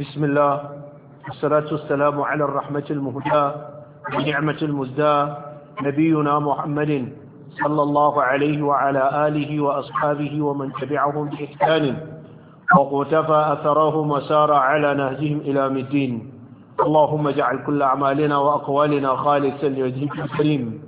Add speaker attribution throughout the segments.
Speaker 1: بسم الله والصلاة والسلام على الرحمة المهدى ونعمة المزداة نبينا محمد صلى الله عليه وعلى آله وأصحابه ومن تبعهم بإحسان وقتفى أثرهم وسار على نهجهم إلى مدين اللهم اجعل كل أعمالنا وأقوالنا خالصا لوجهك الكريم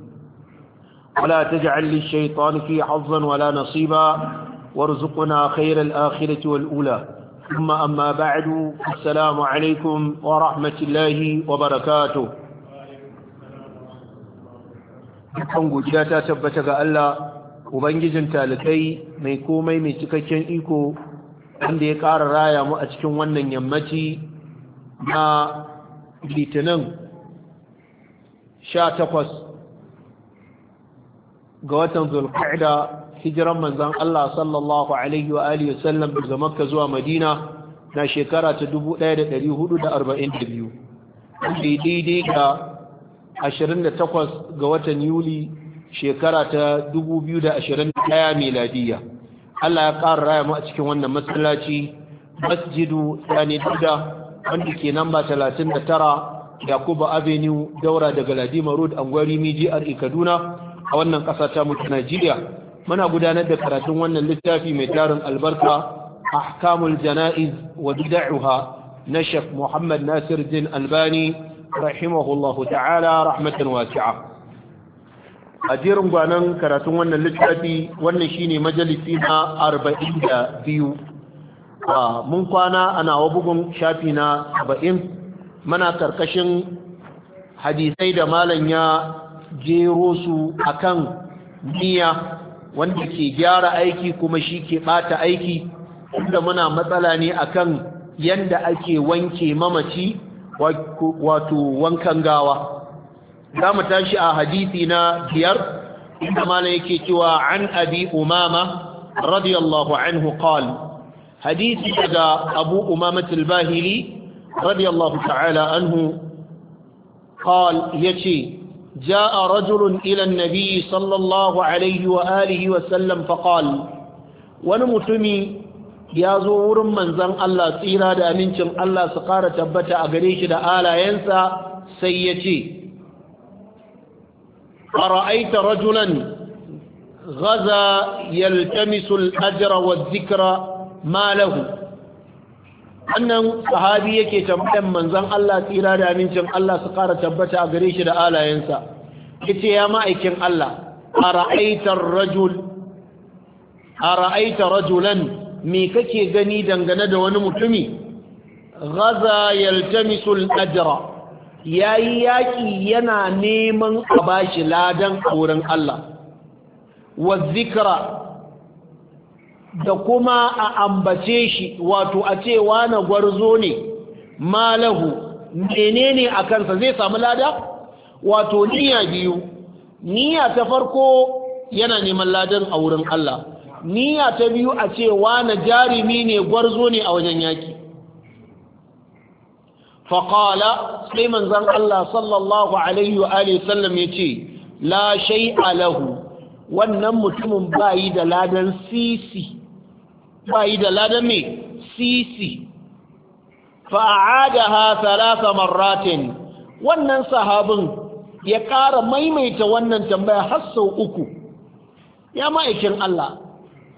Speaker 1: ولا تجعل للشيطان في حظا ولا نصيبا وارزقنا خير الآخرة والأولى ثم أما بعد السلام عليكم ورحمة الله وبركاته dukkan godiya ta tabbata ga Allah ubangijin talikai mai komai mai cikakken iko wanda ya ƙara raya mu a cikin wannan yammaci na litinin Sha takwas! ga watan Zulkaida hijiran manzan Allah sallallahu alaihi wa alihi wasallam daga Makka zuwa Madina na shekara ta 1442 daidai ga 28 ga watan Yuli shekara ta 2021 miladiya Allah ya ƙara raya mu a cikin wannan matsalaci Masjidu Sani Duda wanda ke namba 39 Yakubu Avenue daura daga Ladima Road Angwari Miji Kaduna a wannan ƙasa ta mutu Najeriya muna gudanar da karatun wannan littafi mai tarin albarka ahkamul jana'iz wa bid'uha na Sheikh Muhammad Nasir Din Albani rahimahullahu ta'ala rahmatan wasi'a a jerin gwanan karatun wannan littafi wannan shine majalisi na 42 a mun kwana ana wa bugun shafi na 70 muna karkashin hadisai da malam ya jero su akan niyya wanda ke gyara aiki kuma shi ke ɓata aiki inda muna matsala ne akan yanda ake wanke mamaci wato wankan gawa za mu tashi a hadisi na biyar inda mana yake cewa an abi umama radiyallahu anhu qala hadisi daga abu umama al-bahili radiyallahu ta'ala anhu qala yace جاء رجل إلى النبي صلى الله عليه وآله وسلم فقال ونمتمي ya zo wurin manzan Allah tsira da amincin Allah su ƙara tabbata a gare shi da alayensa sai ya ce a ra'aita rajulan gaza yaltamisul ajira wa zikira malahu wannan sahabi yake tambayan manzon Allah tsira da amincin Allah su ƙara tabbata a gare shi da alayensa yace ya ma'aikin Allah ara'aita rajul ara'aita rajulan me kake gani dangane da wani mutumi ghaza yaltamisu al-ajra yayi yaki yana neman a bashi ladan auren Allah wa zikra da kuma a ambace shi wato a ce na gwarzo ne malahu ne a kansa zai samu lada wato niyya biyu niyya ta farko yana neman ladan a wurin Allah niyya ta biyu a ce na jarumi ne gwarzo ne a wajen yaki faƙala sai manzan Allah sallallahu alaihi wa sallam ya ce la shai alahu wannan mutumin bayi da ladan sisi ba yi da ladan mai sisi fa'adaha thalatha wannan sahabin ya ƙara maimaita wannan tambaya har sau uku ya ma'aikin Allah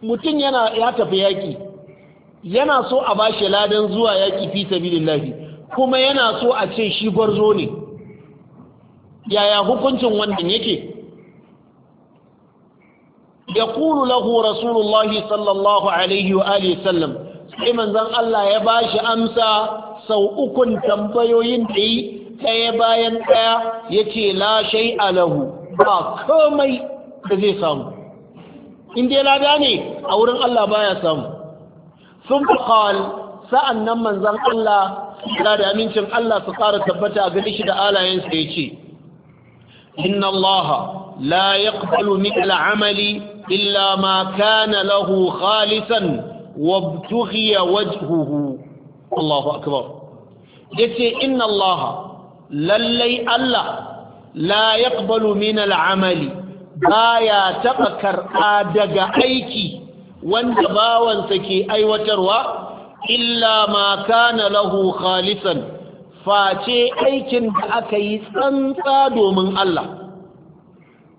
Speaker 1: mutum yana ya tafi yaƙi yana so a bashi ladan zuwa yaƙi fi sabilillahi kuma yana so a ce shi gwarzo ne yaya hukuncin wannan yake yaqulu lahu rasulullahi sallallahu alaihi wa alihi sallam sai manzon Allah ya bashi amsa sau ukun tambayoyin da yi ɗaya bayan ɗaya yace la shay'a lahu ba komai da zai samu in dai lada ne a wurin Allah baya samu sun qal sa'an nan manzon Allah da amincin Allah su ƙara tabbata a gani shi da alayensa ya ce inna Allah la yaqbalu min illa ma kana lahu khalisan wabtughiya wajhuhu Allahu akbar yace inna Allah lallai Allah la yaqbalu min al'amali baya taɓa karɓa daga aiki wanda bawansa ke aiwatarwa illa ma kana lahu khalisan face aikin da aka yi tsantsa domin Allah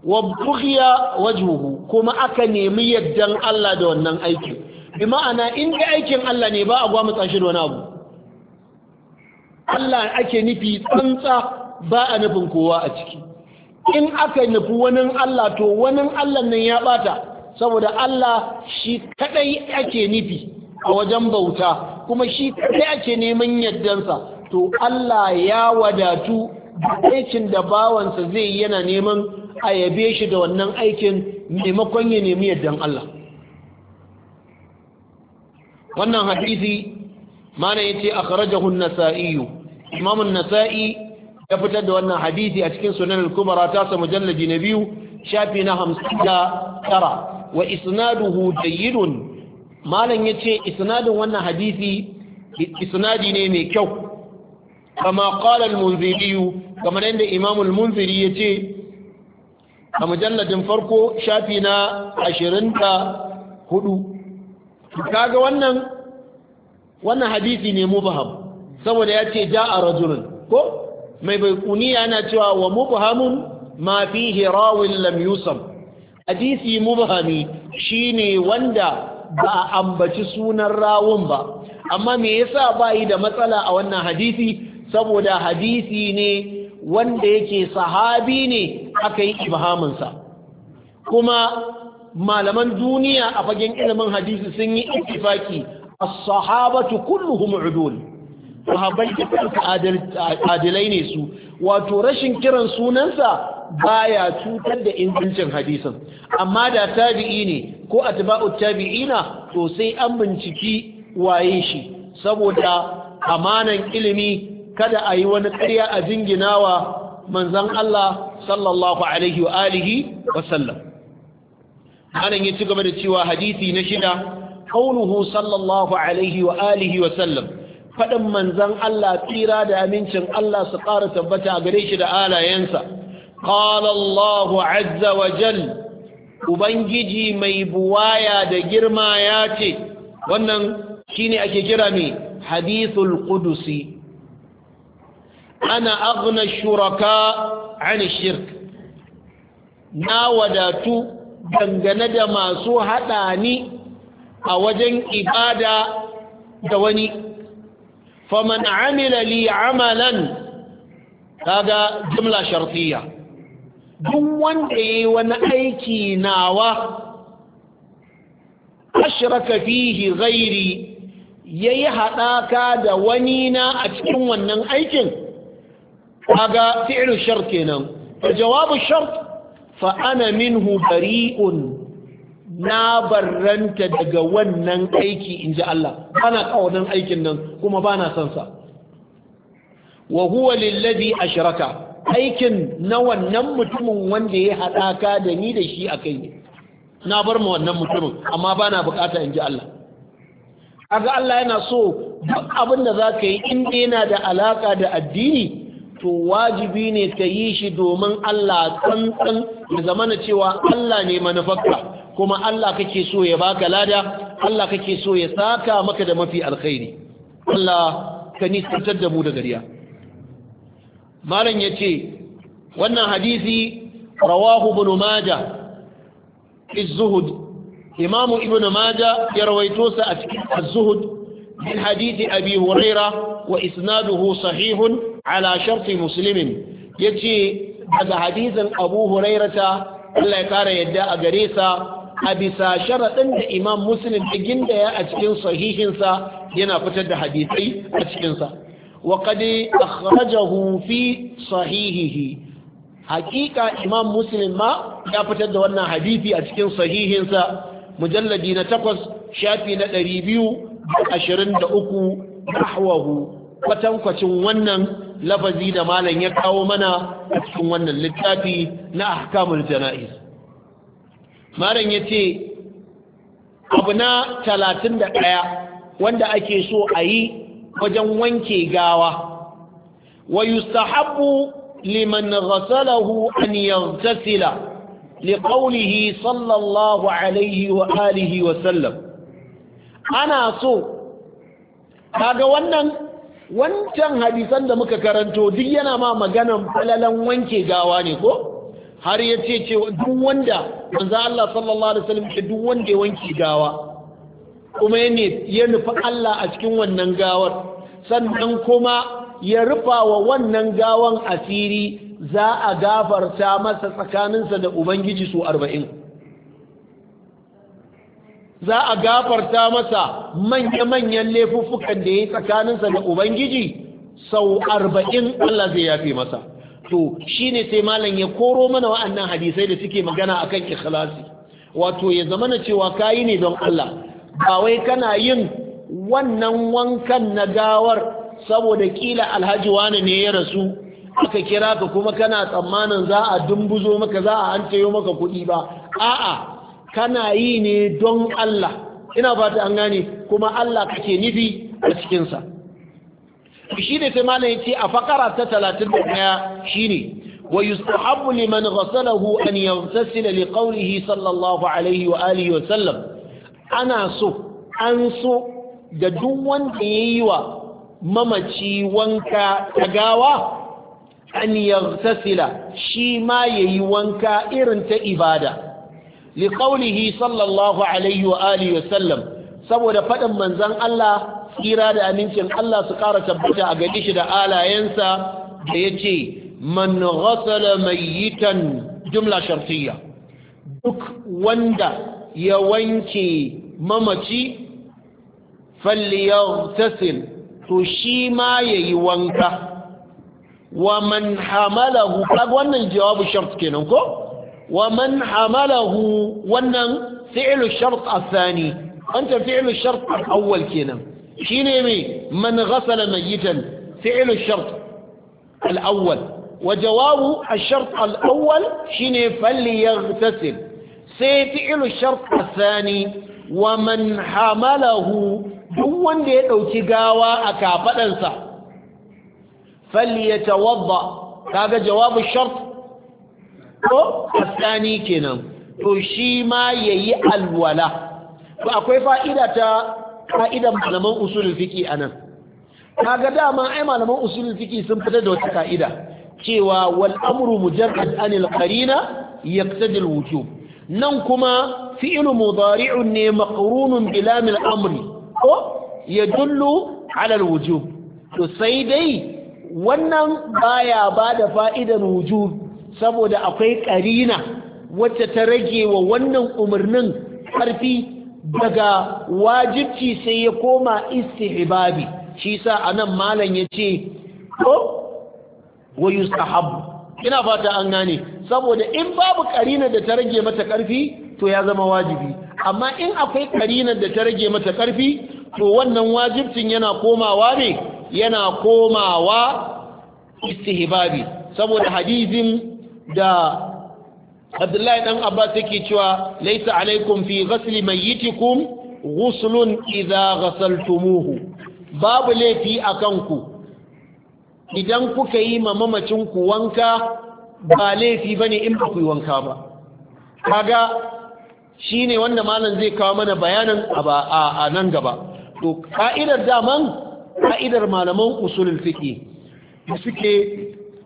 Speaker 1: wabtughiya wajhuhu kuma aka nemi yaddan Allah da wannan aiki bi ma'ana in aikin Allah ne ba a gwamutsa shi da wani abu Allah ake nufi tsantsa ba a nufin kowa a ciki in aka nufi wani Allah to wani Allah nan ya bata saboda Allah shi kadai ake nufi a wajen bauta kuma shi kadai ake neman yaddansa to Allah ya wadatu aikin da bawansa zai yana neman a yabe shi da wannan aikin maimakon ya nemi yaddan Allah wannan hadisi mana yace akhrajahu an-nasa'i imam imamun nasai ya fitar da wannan hadisi a cikin sunan al ta sa jallaji na biyu shafi na hamsin da tara. wa isnaduhu jayyidun malan ce isnadin wannan hadisi isnadi ne mai kyau kama qala al-munziri kamar yadda imam al-munziri yace a mujalladin farko shafi na 24 kaga wannan wannan hadisi ne mubaham saboda yace a rajulun ko mai baikuni yana cewa wa mubhamun ma fihi rawin lam yusam hadisi mubhami ne wanda ba a ambaci sunan rawun ba amma me yasa bayi da matsala a wannan hadisi saboda hadisi ne wanda yake sahabi ne aka yi ibhaminsa kuma malaman duniya a fagen ilimin hadisi sun yi ittifaki as-sahabatu kulluhum udul sahabbai adilai ne su wato rashin kiran sunansa baya cutar da ingancin hadisin amma da tabi'i ne ko atba'u tabi'ina to sai an binciki waye shi saboda amanan ilimi kada a yi wani ƙarya a jingina wa manzan Allah sallallahu alaihi wa alihi wa sallam anan ya ci gaba da cewa hadisi na shida kaunuhu sallallahu alaihi wa alihi wa sallam faɗin manzan Allah tsira da amincin Allah su ƙara tabbata a gare shi da alayensa qala Allah azza wa jal ubangiji mai buwaya da girma ya ce wannan shine ake kira mai hadithul qudusi ana agna shuraka an shirk na wadatu dangane da masu hada ni a wajen ibada da wani faman amila li amalan kaga jumla shartiyya duk wanda yayi wani aiki nawa ashraka fihi ghairi yayi hadaka da wani na a cikin wannan aikin kaga fi'lu shart kenan fa jawabu shart fa ana minhu bari'un na barranta daga wannan aiki inji Allah bana kaunan aikin nan kuma bana son sa wa huwa lillazi ashraka aikin na wannan mutumin wanda ya haɗaka da ni da shi a kai ne na bar ma wannan mutumin amma bana bukata in ji Allah aga Allah yana so duk abin da zaka yi in yana da alaka da addini to wajibi ne ka yi shi domin Allah tsantsan ya zama na cewa Allah ne manufarka kuma Allah kake so ya baka lada Allah kake so ya saka maka da mafi alkhairi Allah ka nisantar da mu da gariya malam yace wannan hadisi rawahu ibn majah az-zuhd ibn majah ya rawaito sa a cikin az-zuhd min hadisi abi hurairah wa isnaduhu sahihun ala sharti muslimin yace daga hadisin abu hurairata Allah ya kara yadda a gare sa a bisa sharaɗin da imam muslim da gindaya a cikin sahihinsa yana fitar da hadisai a cikinsa wa kadi akhrajahu fi sahihihi haƙiƙa imam muslim ma ya fitar da wannan hadisi a cikin sahihinsa mujalladi na takwas shafi na ɗari biyu da ashirin da uku nahwahu kwatankwacin wannan lafazi da malam ya kawo mana a cikin wannan littafi na ahkamul jana'iz malam ya ce abu na talatin da ɗaya wanda ake so a yi wajen wanke gawa wa yustahabbu liman ghasalahu an yaghtasila liqawlihi sallallahu alaihi wa alihi wa sallam ana so kaga wannan wancan hadisan da muka karanto duk yana ma maganan falalan wanke gawa ne ko har ya ce ce duk wanda manzo Allah sallallahu alaihi wasallam ce duk wanda ya wanke gawa kuma ya ya nufi Allah a cikin wannan gawar sannan kuma ya rufa wa wannan gawan asiri za a gafarta masa tsakaninsa da ubangiji su arba'in za a gafarta masa manya-manyan laifuffukan da ya yi tsakaninsa da ubangiji sau arba'in Allah zai yafe masa to shi ne sai malam ya koro mana wa'annan hadisai da suke magana a kan ikhlasi wato ya zama na cewa kayi ne don Allah ba wai kana yin wannan wankan na gawar saboda kila alhaji wani ne ya rasu aka kira ka kuma kana tsammanin za a dumbuzo maka za a an maka kuɗi ba a'a kana yi ne don Allah ina fata an gane kuma Allah kake nufi a cikinsa shi ne sai malam yace a fakara ta 31 shine wa yustahabbu liman ghasalahu an yaghtasila li qawlihi sallallahu alaihi wa alihi wa sallam ana so an so da duk wanda yayi wa mamaci wanka gawa? an yaghtasila shi ma yayi wanka irin ta ibada liƙaunihi sallallahu alaihi wa wa saboda faɗin manzan Allah tsira da amincin Allah su ƙara tabbata a gare shi da alayensa da ya ce man ghasala mayyitan jumla shartiyya duk wanda ya wanke mamaci falyaghtasil to shi ma yayi wanka wa man hamalahu kaga wannan jawabu shart kenan ko ومن حمله ونن فعل الشرط الثاني أنت فعل الشرط الأول كنا شيني من غسل ميتا فعل الشرط الأول وجواب الشرط الأول شيني فليغتسل سيفعل الشرط الثاني ومن حمله دون يدوكي قاوى أكافة أنسى فليتوضأ هذا جواب الشرط ko asani kenan to shi ma yayi alwala to akwai fa'ida ta fa'idan malaman usulul fiqi anan kaga dama ai malaman usulul fiqi sun fitar da wata ka'ida cewa wal amru mujarrad anil qarina yaqtadi al wujub nan kuma fi'lu mudari'un ne maqrunun bi amri ko yadullu ala al wujub to sai dai wannan baya bada fa'idan wujub saboda akwai ƙarina wacce ta rage wa wannan umarnin ƙarfi daga wajibci sai ya koma istihbabi shi sa anan malam ya ce ko wayu yustahabu ina fata an gane saboda in babu ƙarina da ta rage mata ƙarfi to ya zama wajibi amma in akwai ƙarina da ta rage mata ƙarfi to wannan wajibcin yana komawa ne yana komawa istihibabi saboda hadizin. da abdullahi dan abbas yake cewa laisa alaikum fi ghasli mayyitikum ghuslun idza ghasaltumuhu babu laifi akan ku idan kuka yi ma mamacin ku wanka ba laifi bane in ba ku yi wanka ba kaga shine wanda malam zai kawo mana bayanin a nan gaba to ka'idar daman ka'idar malaman usulul fiqh suke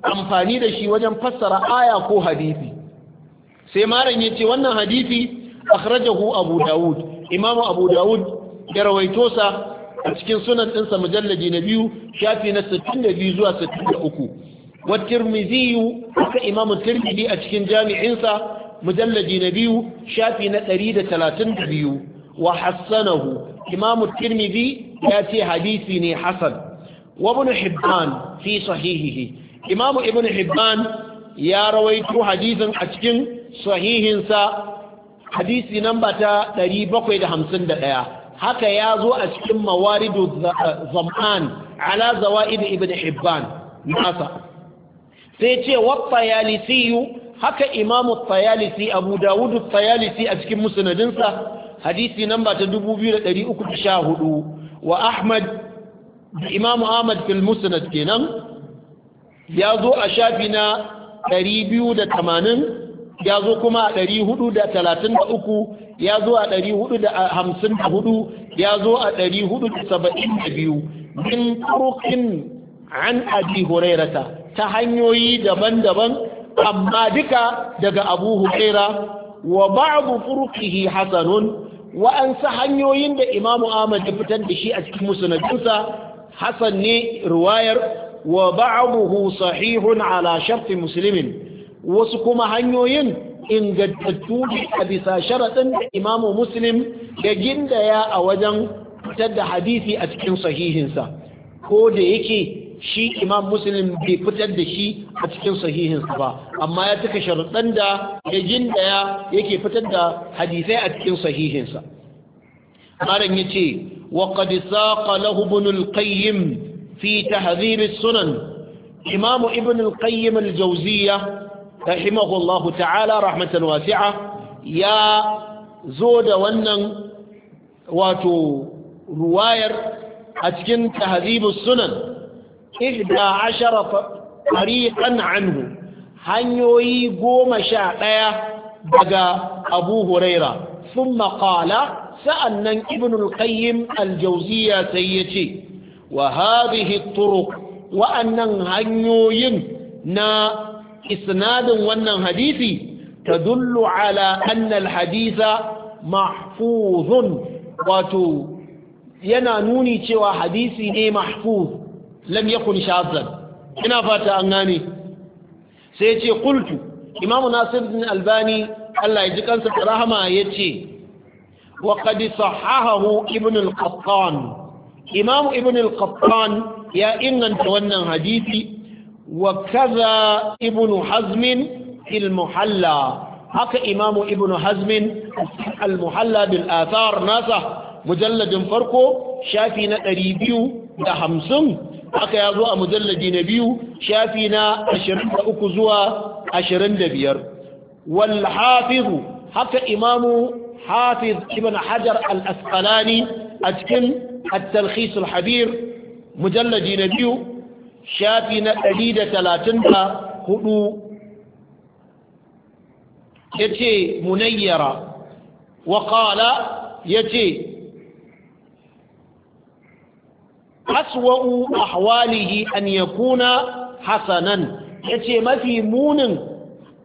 Speaker 1: amfani da shi wajen fassara aya ko hadisi sai maran ya ce wannan hadisi akhrajahu abu dawud imam abu dawud ya rawaito sa a cikin sunan ɗinsa mujallaji na biyu shafi na 62 zuwa 63 wa tirmidhi haka imam tirmidhi a cikin jami'insa mujallaji na biyu shafi na 132 wa hassanahu imam tirmidhi ya ce hadisi ne hasan wa ibn hibban fi sahihihi imamu ibn hibban ya rawaito hadisin a cikin sahihinsa hadisi namba ta 751 haka ya zo a cikin mawaridu zam'an ala zawa'id ibn hibban nasa sai ce wata yalisiyu haka imamu tayalisi abu dawudu tayalisi a cikin musanadinsa hadisi namba ta 2314 wa ahmad imamu ahmad fil musnad kenan ya zo a shafi na 280 ya zo kuma a 433 ya zo a 454 ya zo a 472 min turukin an abi hurairata ta hanyoyi daban-daban amma duka daga abu hukaira wa abu furuki hasanun wa'ansu hanyoyin da imamu ahmad ya fitar da shi a cikin musnadinsa hasan ne ruwayar wa ba'dahu sahihun ala sharti muslimin wasu kuma hanyoyin ingantattu a bisa sharaɗin da imamu muslim da gindaya a wajen fitar da hadisi a cikin sahihinsa ko da yake shi imam muslim bai fitar da shi a cikin sahihinsa ba amma ya cika sharuɗan da ya gindaya yake fitar da hadisai a cikin sahihinsa maran ya ce wa qad saqa fi tahdhir as-sunan Imam Ibn al-Qayyim rahimahullahu ta'ala rahmatan wasi'a ya zo da wannan wato ruwayar a cikin tahdhibus sunan 11 tariqan anhu hanyoyi goma sha 11 daga Abu sun thumma qala sa'annan Ibn al-Qayyim al-Jawziyya sai yace wa hadhihi turuq wa'annan hanyoyin na isnadin wannan hadisi tadullu ala anna alhaditha mahfuzun wato yana nuni cewa hadisi ne mahfuz lam yakun shadhan ina fata an gane sai ce qultu imamu nasir bin albani Allah ya ji kansa rahama yace wa qad sahahahu ibn al-qattan imamu ibn al-qattan ya inganta wannan hadisi wa kaza ibn hazmin fil muhalla haka imamu ibn hazmin al muhalla bil athar nasa mujalladin farko shafi na 250 haka ya zo a mujalladi na biyu shafi na 23 zuwa 25 wal hafiz haka imamu hafiz ibn hajar al asqalani a cikin التلخيص الحبير مجلد نبيو شافي نقليد ثلاثين هدو يتي منيرة وقال يتي أسوأ أحواله أن يكون حسنا يتي ما في مون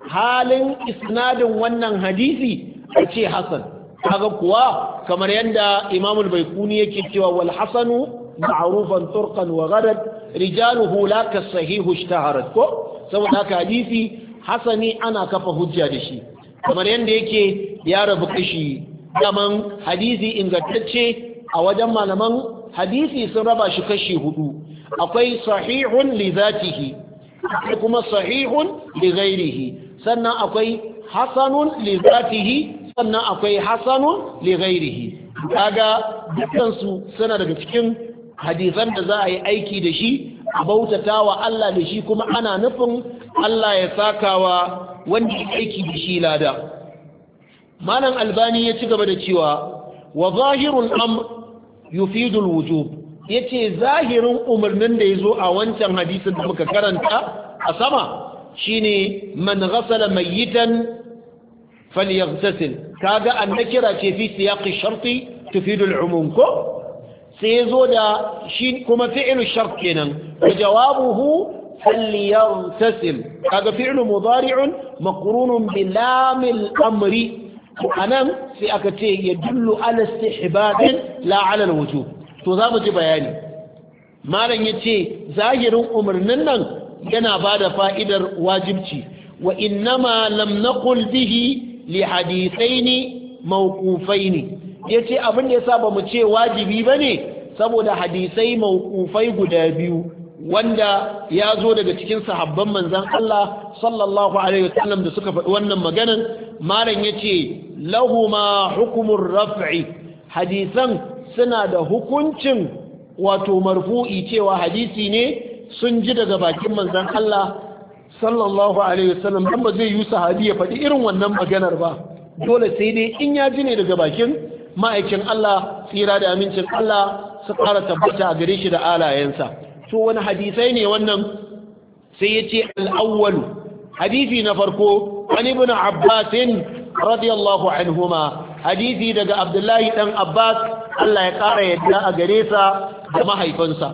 Speaker 1: halin isnadin wannan hadisi a ce hasan kaga kuwa kamar yadda Imam al yake cewa wal hasanu ma'rufan turqan wa ghadat rijaluhu la ka sahihu ishtaharat ko saboda haka hadisi hasani ana kafa hujja da shi kamar yadda yake ya rabu kashi daman hadisi ingantacce a wajen malaman hadisi sun raba shi kashi hudu akwai sahihun li zatihi kuma sahihun li ghairihi sannan akwai hasanun li zatihi sannan akwai hasanun li ghairihi kaga dukkan su suna daga cikin hadisan da za a yi aiki da shi a bautata wa Allah da shi kuma ana nufin Allah ya sakawa wanda ya aiki da shi lada malam albani ya ci gaba da cewa wa zahirul amr yufidu alwujub yace zahirin umarnin da yazo a wancan hadisin da muka karanta a sama shine man ghasala mayitan falyaghtasil kaga annakira ce fi siyaqi sharti tufidu umum ko sai zo da shi kuma fi'lu shart kenan wa jawabuhu falyaghtasil kaga fi'lu mudari'un maqrunun bi amri anan sai aka ce yadullu ala istihbab la ala al-wujub to za mu ji bayani malam yace zahirin umarnin nan yana bada fa'idar wajibci wa innama lam naqul bihi li hadithaini mawqufaini yace abin da yasa bamu ce wajibi bane saboda hadisai mawqufai guda biyu wanda ya zo daga cikin sahabban manzan Allah sallallahu alaihi wasallam da suka faɗi wannan maganan malam yace lahuma hukumur raf'i hadisan suna da hukuncin wato marfu'i cewa hadisi ne sun ji daga bakin manzan Allah sallallahu alaihi wasallam dan ba zai yi sahabi ya faɗi irin wannan maganar ba dole sai dai in ya ji ne daga bakin ma'aikin Allah tsira da amincin Allah su ƙara tabbata a gare shi da alayensa to wani hadisai ne wannan sai ya ce al'awwalu hadisi na farko an ibn abbasin radiyallahu anhuma hadisi daga abdullahi dan abbas Allah ya ƙara yadda a gare sa da mahaifinsa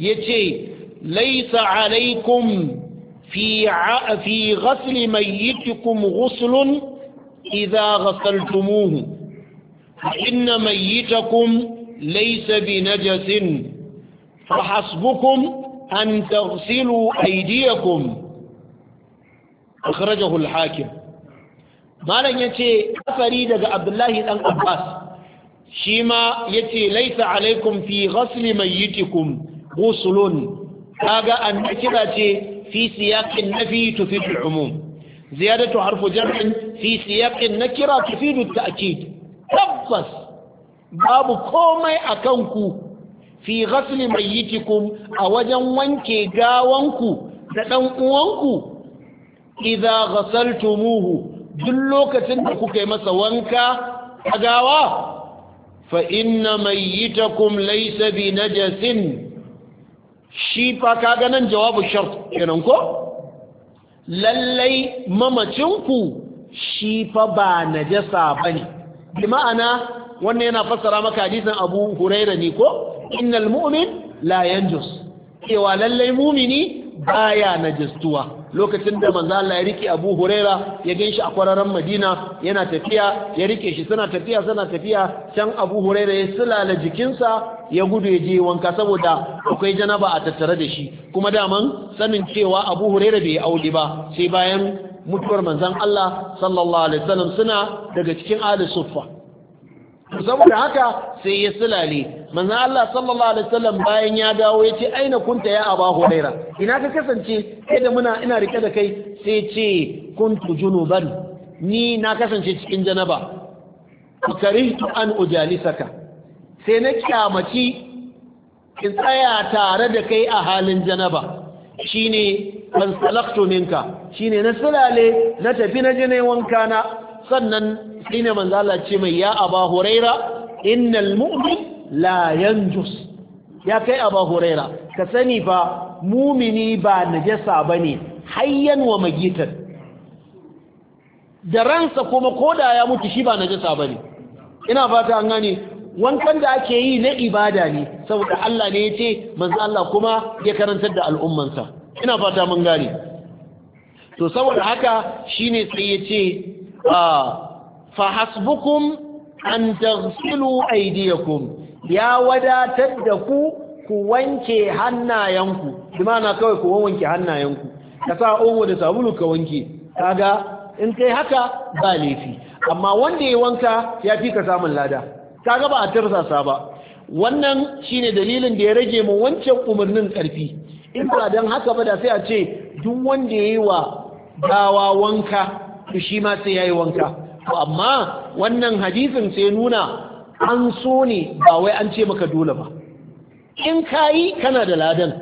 Speaker 1: ya ce laisa alaikum في في غسل ميتكم غسل إذا غسلتموه فإن ميتكم ليس بنجس فحسبكم أن تغسلوا أيديكم أخرجه الحاكم ما لن يتي أفريد عبد الله بن عباس شيما يتي ليس عليكم في غسل ميتكم غسل هذا أن أكبتي fi siyaƙin nafi tufidu umum ziyadatu harfu jar'in fi siyaƙin nakira tufidu ta'kid tabbas babu komai akan ku fi ghasli mayyitikum a wajen wanke gawanku da dan uwanku idza ghasaltumuhu duk lokacin da kuka masa wanka a gawa fa inna kum laysa na najasin shi fa ka nan jawabu shart kenan ko lallai mamacinku shi fa ba najasa bane bi ma'ana wannan yana fassara maka hadisin Abu Huraira ne ko innal mu'min la yanjus cewa lallai mumini baya najistuwa lokacin da manzo Allah ya rike Abu Huraira ya ganshi a kwararan Madina yana tafiya ya rike shi suna tafiya suna tafiya can Abu Huraira ya sulala jikinsa ya gudu ya je wanka saboda akwai janaba a tattare da shi kuma daman sanin cewa Abu Huraira bai aure ba sai bayan mutuwar manzon Allah sallallahu alaihi wasallam suna daga cikin ahli suffa saboda haka sai ya silale manzon Allah sallallahu alaihi wasallam bayan ya dawo ya ce aina kunta ya aba huraira ina ka kasance kai da muna ina rike da kai sai ce kuntu junuban ni na kasance cikin janaba karihtu an ujalisaka sai na kyamaci in tsaya tare da kai a halin janaba shine ban salaktu minka shine na silale na tafi na jine wanka na sannan shi ne manzo Allah ce mai ya aba huraira innal mu'min la yanjus ya kai aba huraira ka sani fa mumini ba najasa bane hayyan wa magitan da ransa kuma koda ya mutu shi ba najasa bane ina fata an gane wankan da ake yi na ibada ne saboda Allah ne ya ce manzo Allah kuma ya karantar da al'ummansa ina fata mun gane to saboda haka shine sai ya ce fa hasbukum an taghsilu aydiyakum ya wadatar da ku ku wanke hannayenku bimana kawai ku wanke hannayenku ka sa omo da sabulu ka wanke kaga in kai haka ba laifi amma wanda ya wanka ya fi ka samun lada kaga ba a tarsasa ba wannan shine dalilin da ya rage mu wancan umarnin karfi in ba don haka ba da sai a ce duk wanda ya yi wa gawa wanka to shi ma sai yayi wanka to amma wannan hadisin sai nuna an so ne ba wai an ce maka dole ba in ka kana da ladan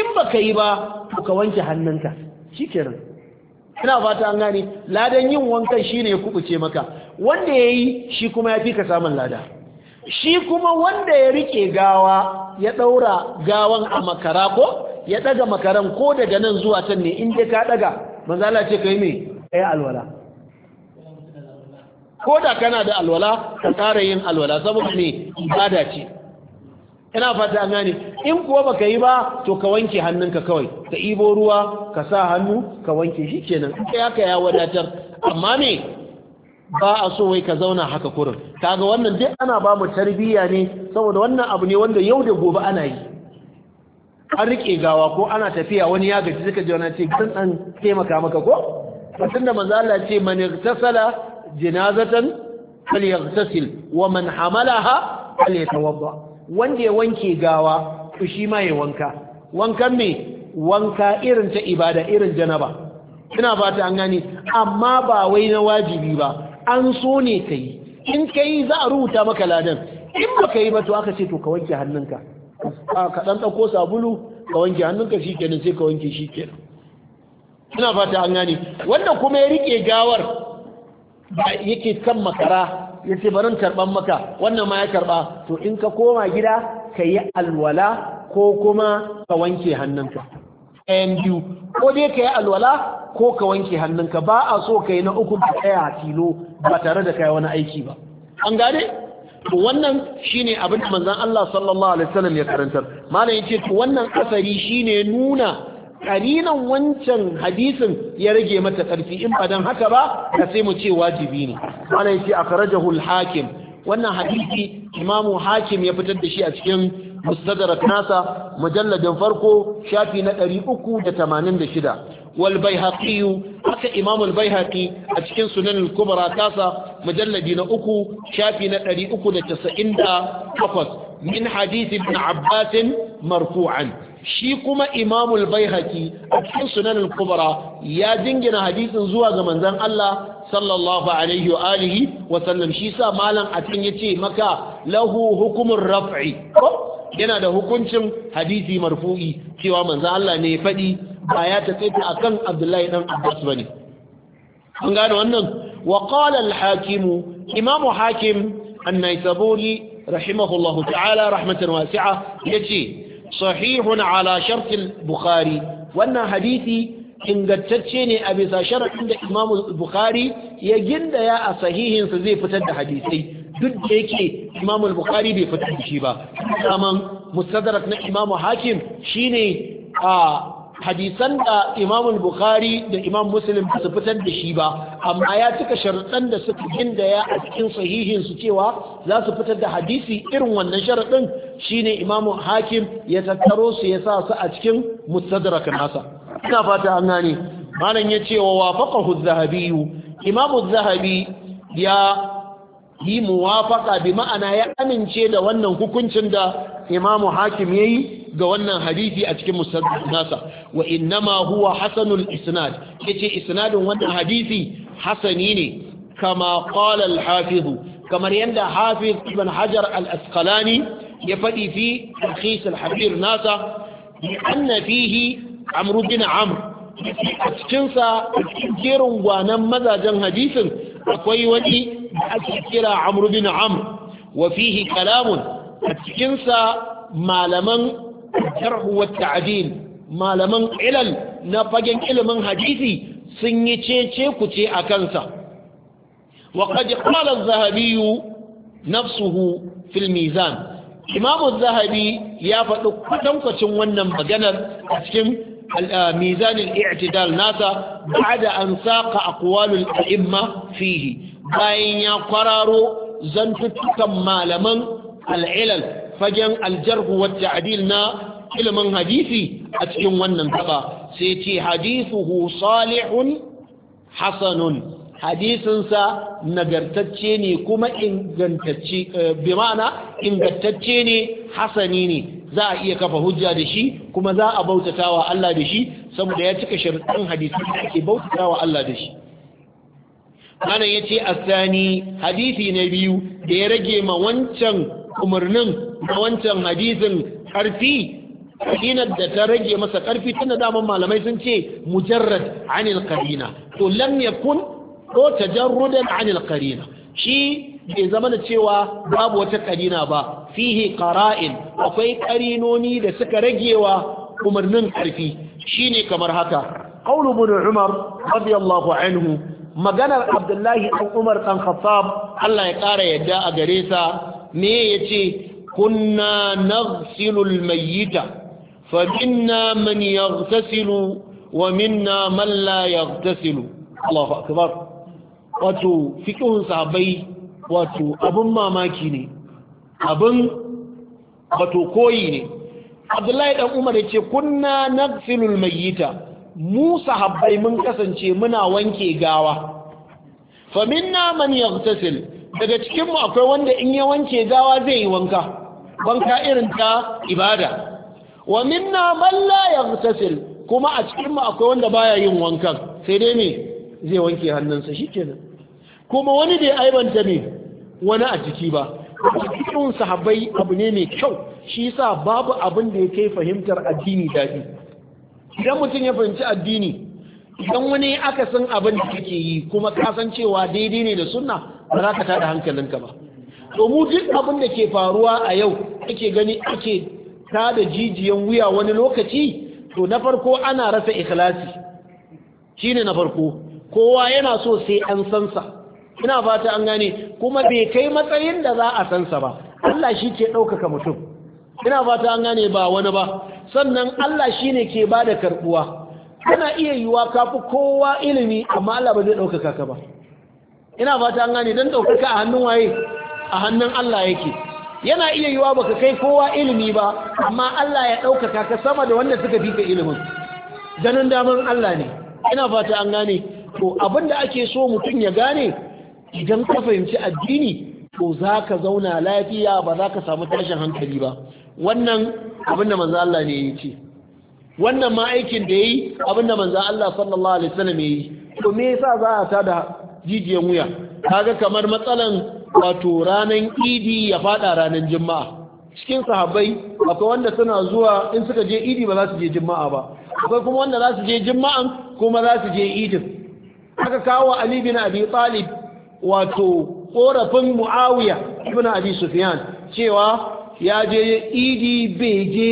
Speaker 1: in baka yi ba to ka wanke hannunka shikenan kenan ina fata an gane ladan yin wankan shine ya kubuce maka wanda ya yi shi kuma ya fi ka samun lada shi kuma wanda ya rike gawa ya daura gawan a makara ko ya daga makaran ko daga nan zuwa can ne in dai ka ɗaga manzala ce ka yi mai ɗaya alwala ko da kana da alwala ka tsara yin alwala saboda ne ibada ce ina fata an gane in kuwa baka yi ba to ka wanke hannunka kawai ka ibo ruwa ka sa hannu ka wanke shi kenan ya ka ya wadatar amma me ba a so wai ka zauna haka kurin kaga wannan duk ana ba mu tarbiyya ne saboda wannan abu ne wanda yau da gobe ana yi an riƙe gawa ko ana tafiya wani ya gaji suka ji wani ce kan an taimaka maka ko fatin da manzo ce man igtasala jinazatan falyaghtasil wa man hamalaha falyatawadda wanda ya wanke gawa to shi ma ya wanka wankan me wanka irin ta ibada irin janaba ina fata an gane amma ba wai na wajibi ba an so ne yi. in kai za a rubuta maka ladan in baka yi ba to aka ce to ka wanke hannunka ka dan dauko sabulu ka wanke hannunka shikenan sai ka wanke shikenan ina fata an gani wanda kuma ya rike gawar ba yake kan makara ya ce barin karban maka wannan ma ya karba to in ka koma gida ka yi alwala ko kuma ka wanke hannunka ɗayan biyu ko dai ka yi alwala ko ka wanke hannunka ba a so ka yi na uku ka tsaya a tilo ba tare da ka wani aiki ba an gane to wannan shine abin da manzon Allah sallallahu alaihi wasallam ya karantar malam yace to wannan asari shine nuna karinan wancan hadisin ya rage mata ƙarfi in ba dan haka ba ka sai mu ce wajibi ne wannan yace akhrajahu al-hakim wannan hadisi imamu hakim ya fitar da shi a cikin mustadrak nasa mujalladin farko shafi na 386 wal baihaqi haka imam al baihaqi a cikin sunan al kubra tasa mujalladi na uku shafi na 398 min hadisi ibn abbas marfu'an shi kuma imamul baihaqi a cikin sunan al ya jingina hadisin zuwa ga manzon Allah sallallahu alaihi wa alihi wa sallam shi sa malam a cikin yace maka lahu hukumur raf'i yana da hukuncin hadisi marfu'i cewa manzon Allah ne ya fadi ba ya taƙaita akan Abdullahi dan Abbas bane an gane wannan wa qala al-hakim imamu hakim an-naisaburi rahimahullahu ta'ala rahmatan wasi'a yace sahihun ala shartil bukhari wannan hadisi ingantacce ne a bisa sharaɗin da imam bukhari ya gindaya a sahihinsa zai fitar da hadisai duk da yake imam bukhari bai fitar da shi ba kaman mustadrak na imam hakim shine a hadisan da imam bukhari da imam muslim ba su fitar da shi ba amma ya cika sharuɗan da suka gindaya a cikin sahihin su cewa za su fitar da hadisi irin wannan sharuɗin shine imam hakim ya tattaro su ya sa su a cikin mustadrak nasa ina fata an gane malam ya ce wa wafaqahu az-zahabi imam az-zahabi ya yi muwafaqa bi ma'ana ya amince da wannan hukuncin da imam hakim yayi ga wannan hadisi a cikin nasa wa innama huwa hasanul isnad yace isnadin wannan hadisi hasani ne kama qala al-hafiz kamar yanda hafiz ibn hajar al-asqalani ya fadi fi tarhis al-habir nasa anna fihi amr bin amr a cikin sa gwanan mazajen hadisin akwai wani da ake kira amr bin amr wa fihi kalamun a cikin sa malaman jarh wa ta'dil malaman ilal na fagen ilimin hadisi sun yi cece ce a kansa wa qad qala az-zahabi nafsuhu fil mizan imamu az-zahabi ya faɗi kwacin wannan maganar a cikin ميزان الاعتدال ناسا بعد أن ساق أقوال Bayan ya kwararo يقرارو malaman مالما العلل fagen aljarhu wa ta'dil na ilimin hadisi a cikin wannan gaba sai ce hadithuhu salihun hasanun hadisinsa nagartacce ne kuma ingantacce eh, bi ma'ana ingantacce ne hasani ne za a iya kafa hujja da shi kuma za a wa Allah da shi saboda ya cika sharuɗin hadisi da ake wa Allah da shi Manan ya ce a sani hadisi na biyu da ya rage ma wancan umarnin na wancan hadisin ƙarfi kadinar da ta rage masa ƙarfi tana daman malamai sun ce mujarrad anil qarina to lam yakun ko tajarrudan anil qarina shi bai zama da cewa babu wata karina ba fihi qara'in akwai karinoni da suka ragewa umarnin karfi shine kamar haka qaul ibn umar radiyallahu anhu maganar abdullahi dan umar dan khattab Allah ya kara yadda a gare sa me yace كنا نغسل الميت فمنا من يغتسل ومنا من لا يغتسل الله أكبر wato fiƙin صحبي wato abin mamaki ne abin wato koyi ne abdullahi dan umar ya ce kunna naqsilul mayyita mu sahabbai mun kasance muna wanke gawa faminna man daga cikinmu akwai wanda in ya wanke gawa zai yi wanka Banka irin ta ibada wa minna man la yaghtasil kuma a cikin mu akwai wanda baya yin wanka. sai dai me zai wanke hannunsa shikenan kuma wani da ya aibanta me wani a jiki ba cikin sahabbai abu ne mai kyau shi yasa babu abin da ya kai fahimtar addini daɗi idan mutum ya fahimci addini idan wani aka san abin da kake yi kuma ka san cewa daidai ne da sunna ba za ka tada hankalinka ba to mu duk abin da ke faruwa a yau ake gani ake tada jijiyan wuya wani lokaci to na farko ana rasa ikhlasi shine na farko kowa yana so sai an sansa ina fata an gane kuma bai kai matsayin da za a sansa ba Allah shi ke ɗaukaka mutum ina fata an gane ba wani ba sannan Allah shi ne ke ba da karɓuwa ana iya yiwa kafi kowa ilimi amma Allah ba zai ɗaukaka ka ba ina fata an gane don ɗaukaka a hannun waye a hannun Allah yake yana iya yiwa ba ka kai kowa ilimi ba amma Allah ya ɗaukaka ka sama da wanda suka fi ka ilimin ganin damar Allah ne ina fata an gane to abin da ake so mutum ya gane idan ka fahimci addini to za ka zauna lafiya ba za ka samu tashin hankali ba wannan abin da manzo Allah ne ya ce wannan ma aikin da yayi abin da manzo Allah sallallahu alaihi wasallam ya yi to me yasa za a da jijiyan wuya kaga kamar matsalan wato ranan idi ya fada ranan juma'a cikin sahabbai akwai wanda suna zuwa in suka je idi ba za su je juma'a ba akwai kuma wanda za su je juma'an kuma za su je Idi. aka kawo ali bin abi talib wato korafin muawiya ibn abi sufyan cewa ya je idi bai je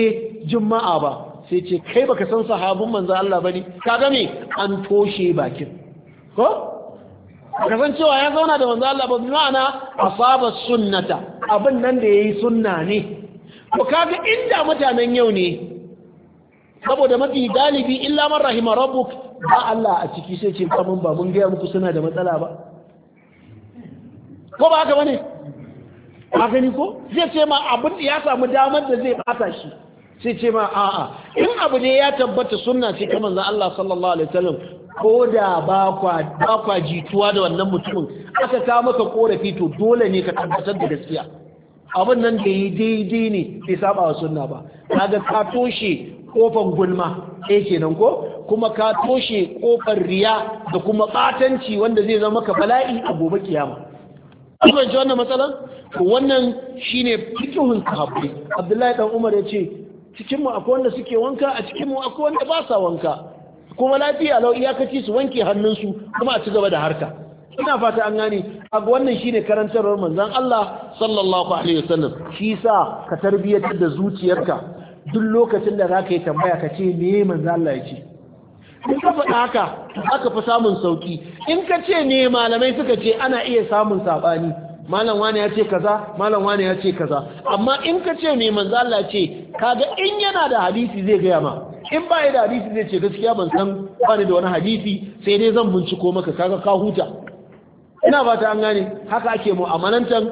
Speaker 1: juma'a ba sai ce kai baka san sahabin manzo Allah bane kaga me an toshe bakin ko kasan cewa ya zauna da manzo Allah ba bi ma'ana asaba sunnata abin nan da yayi sunna ne ko kaga inda mutanen yau ne saboda mafi galibi illa man rahima rabbuk ba Allah a ciki sai ce kamun ba mun ga muku suna da matsala ba ko ba haka bane ka gani ko zai ce ma abin ya samu damar da zai bata shi sai ce ma a'a in abu ne ya tabbata sunna ce kamar za Allah sallallahu alaihi wasallam ko da ba kwa jituwa da wannan mutumin aka ta maka korafi to dole ne ka tabbatar da gaskiya abin nan da yi daidai ne bai saba wa sunna ba kaga ka toshe kofan gulma eh kenan ko kuma ka toshe kofar riya da kuma batanci wanda zai zama ka bala'i a gobe kiyama kuma ji wannan matsalan wannan shine fikihun sahabbai Abdullahi dan Umar ya ce cikin mu akwai wanda suke wanka a cikinmu mu akwai wanda ba sa wanka kuma lafiya lau iyakaci su wanke hannunsu kuma a ci gaba da harka ina fata an gane a wannan shine karantarwar manzon Allah sallallahu alaihi wasallam shi sa ka tarbiyyar da zuciyarka duk lokacin da zaka yi tambaya ka ce me manzon Allah ya ce in ka faɗa haka aka fi samun sauki in ka ce ne malamai suka ce ana iya samun sabani malam wani ya ce kaza malam wani ya ce kaza amma in ka ce me manzon Allah ce kaga in yana da hadisi zai gaya ma in ba ya da hadisi zai ce gaskiya ban san bani da wani hadisi sai dai zan binciko maka kaga ka huta ina ba ta an gane haka ake mu'amalantar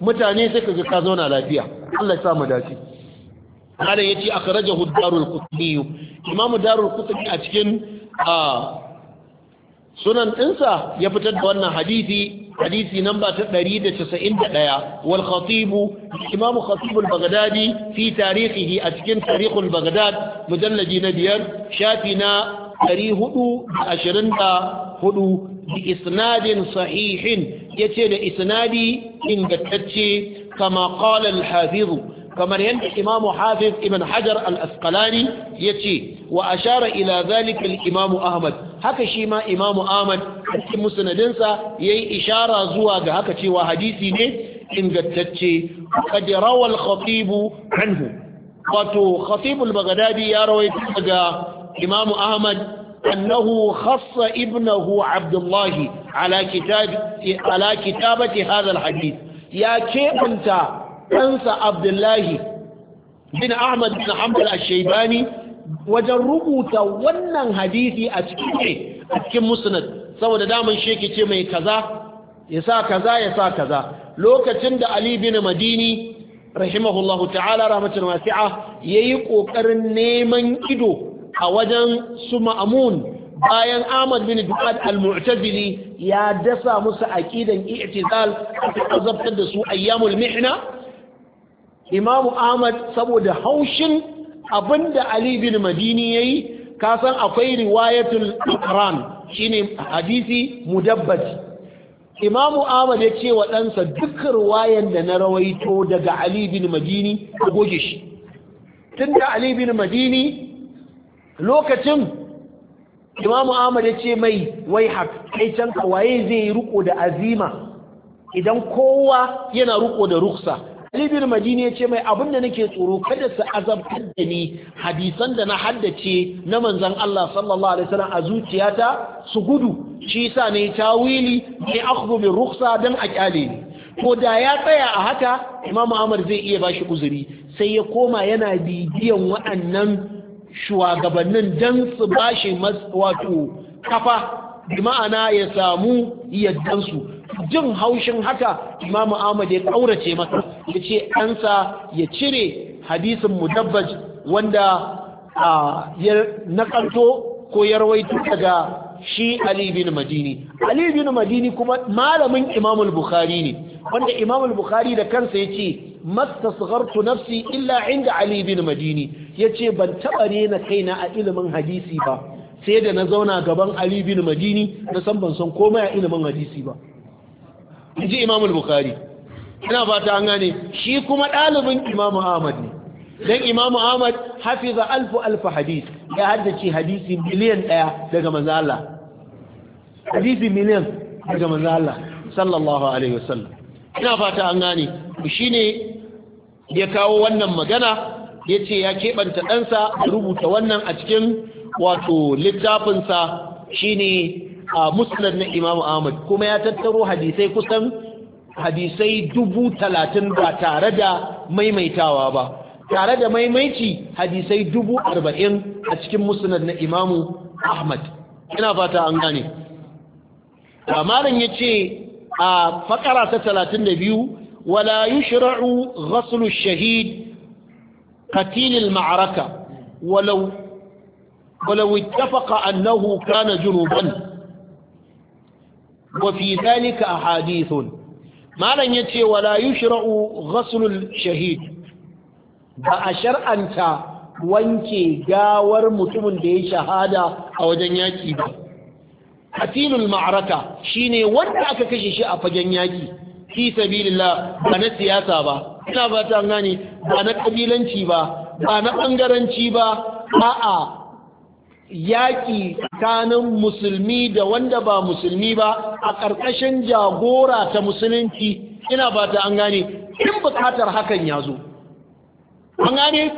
Speaker 1: mutane sai kaga ka zauna lafiya Allah ya sa mu dace Allah ya ce akhrajahu darul qutbi imamu darul qutbi a cikin ah, sunan dinsa ya fitar da wannan hadisi hadisi namba ta 191 wal khatib imam khatib al baghdadi fi tarihihi a cikin tarikh Bagdad baghdad mujallaji na biyar shafi na 424 bi isnadin sahihin yace da isnadi ingantacce kama qala al hafiz kamar yadda imam hafiz ibn hajar al-asqalani ce wa ashara ila zalika imamu imam ahmad haka shi ma imam ahmad a musanadinsa ya yi ishara zuwa ga haka cewa hadisi ne ingantacce qad rawa al-khatib wato ya rawaita daga imam ahmad أنه خص ابنه عبد الله على كتاب على كتابة هذا الحديث يا كيف أنت ɗansa abdullahi bin ahmad bin hanbal ashebani wajen rubuta wannan hadisi a cikin a cikin musnad saboda daman sheke ce mai kaza ya sa kaza ya sa kaza lokacin da ali bin madini rahimahullahu ta'ala rahmatul wasi'a yayi kokarin neman ido a wajen su ma'amun bayan Ahmad bin Duqat al-Mu'tazili ya dasa musu aqidan i'tizal aka azabtar da su ayyamul mihna imamu ahmad saboda haushin abinda ali bin madini yayi kasan akwai riwayatul aqran shine hadisi mudabbat imamu ahmad ya ce wa ɗansa duk riwayan da na rawaito daga ali bin madini a goge shi tunda ali bin madini lokacin imamu ahmad ya ce mai wai hak kai can waye zai yi riko da azima idan kowa yana riko da ruksa alibir madini ya ce mai abin da nake tsoro kada su azabtar da ni hadisan da na haddace na manzan Allah sallallahu alaihi wasallam a zuciyata su gudu shi sa ne tawili mai akhdhu bi rukhsa dan a kyale ni ko da ya tsaya a haka imam Ahmad zai iya bashi uzuri sai ya koma yana bibiyan waɗannan shugabannin dan su bashi wato kafa bi ma'ana ya samu su jin haushin haka imamu ahmad ya kaurace masa ya ce ɗansa ya cire hadisin mudabbaj wanda ya nakanto ko ya rawaito daga shi Ali bin Madini Ali bin Madini kuma malamin Imam bukhari ne wanda imamul al-Bukhari da kansa ya ce mastasghartu nafsi illa inda Ali bin Madini yace ban taba rena kaina a ilimin hadisi ba sai da na zauna gaban Ali bin Madini na san ban san komai a ilimin hadisi ba in ji imamul bukari ina fata an gane shi kuma ɗalibin imamu ahmad ne don imamu ahmad hafiza alfu alfu hadis ya haddace hadisi miliyan ɗaya daga manzo Allah hadisi miliyan daga manzo Allah sallallahu alaihi wasallam ina fata an gane shi ne ya kawo wannan magana ya ce ya keɓanta ɗansa rubuta wannan a cikin wato littafinsa Shi ne. a musnad na imamu ahmad kuma ya tattaro hadisai kusan hadisai dubu talatin ba tare da maimaitawa ba tare da maimaici hadisai dubu arba'in a cikin musnad na imamu ahmad ina fata an gane malam ya ce a fakara ta talatin da biyu wala yushra'u ghaslu shahid katilin maraka ولو ولو اتفق أنه كان جنوبا wa fi a ahadithun malam yace wala yushra'u ghaslul shahid ba a shar'anta wanke gawar mutumin da ya shahada a wajen yaƙi ba qatilul ma'araka shine wanda aka kashe shi a fagen yaki fi sabilillah ba na siyasa ba ina ba ta gani ba na kabilanci ba ba na bangaranci ba a'a yaƙi tsakanin musulmi da wanda ba musulmi ba a ƙarƙashin jagora ta musulunci ina ba ta an gane in buƙatar hakan ya zo an gane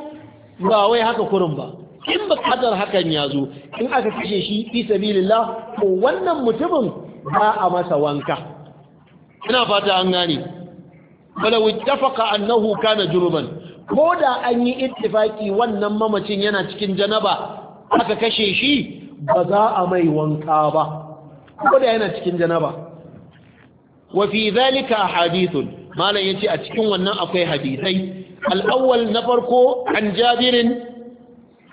Speaker 1: ba wai haka kurin ba in buƙatar hakan ya zo in aka kashe shi fi sabilillah ko wannan mutumin ba a masa wanka ina fata an gane balaw ittafaqa annahu kana junuban ko da an yi ittifaki wannan mamacin yana cikin janaba aka kashe shi ba za a mai wanka ba ko da yana cikin janaba wa fi zalika hadithun malam yace a cikin wannan akwai hadisai al-awwal na farko an jabirin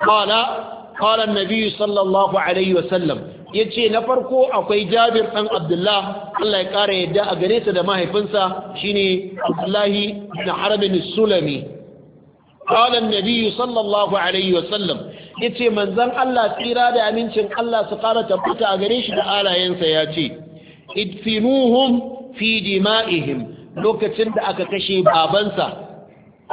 Speaker 1: qala qala an-nabi sallallahu alaihi wasallam yace na farko akwai Jabir dan Abdullah Allah ya kara yadda a gare da mahaifinsa shine Abdullah ibn Harb bin Sulami qala an sallallahu alaihi wasallam ya ce manzan Allah tsira da amincin Allah su ƙara tabbata a gare shi da alayensa ya ce idfinuhum fi dima'ihim lokacin da aka kashe babansa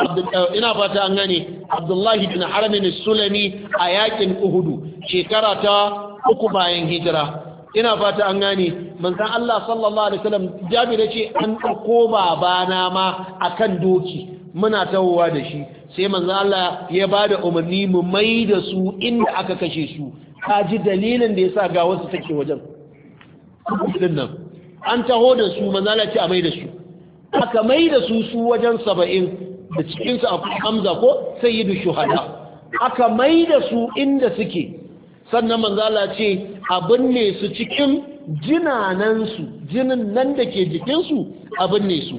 Speaker 1: eh, ina fata an gane abdullahi bin haramin sulami a yakin uhudu shekara ta uku bayan hijira ina fata an gane manzan Allah sallallahu alaihi wasallam jabi da ce an ɗauko babana ma akan doki muna tawowa da shi sai manzo Allah ya bada umarni mu mai da su inda aka kashe su ka ji dalilin da yasa ga wasu take wajen dinnan an taho da su manzo Allah ce a mai da su aka mai da su su wajen 70 da cikin su akwai Hamza ko sayyidu shuhada aka mai da su inda suke sannan manzo Allah ce abin ne su cikin jinanan su jinin nan da ke jikin su abin ne su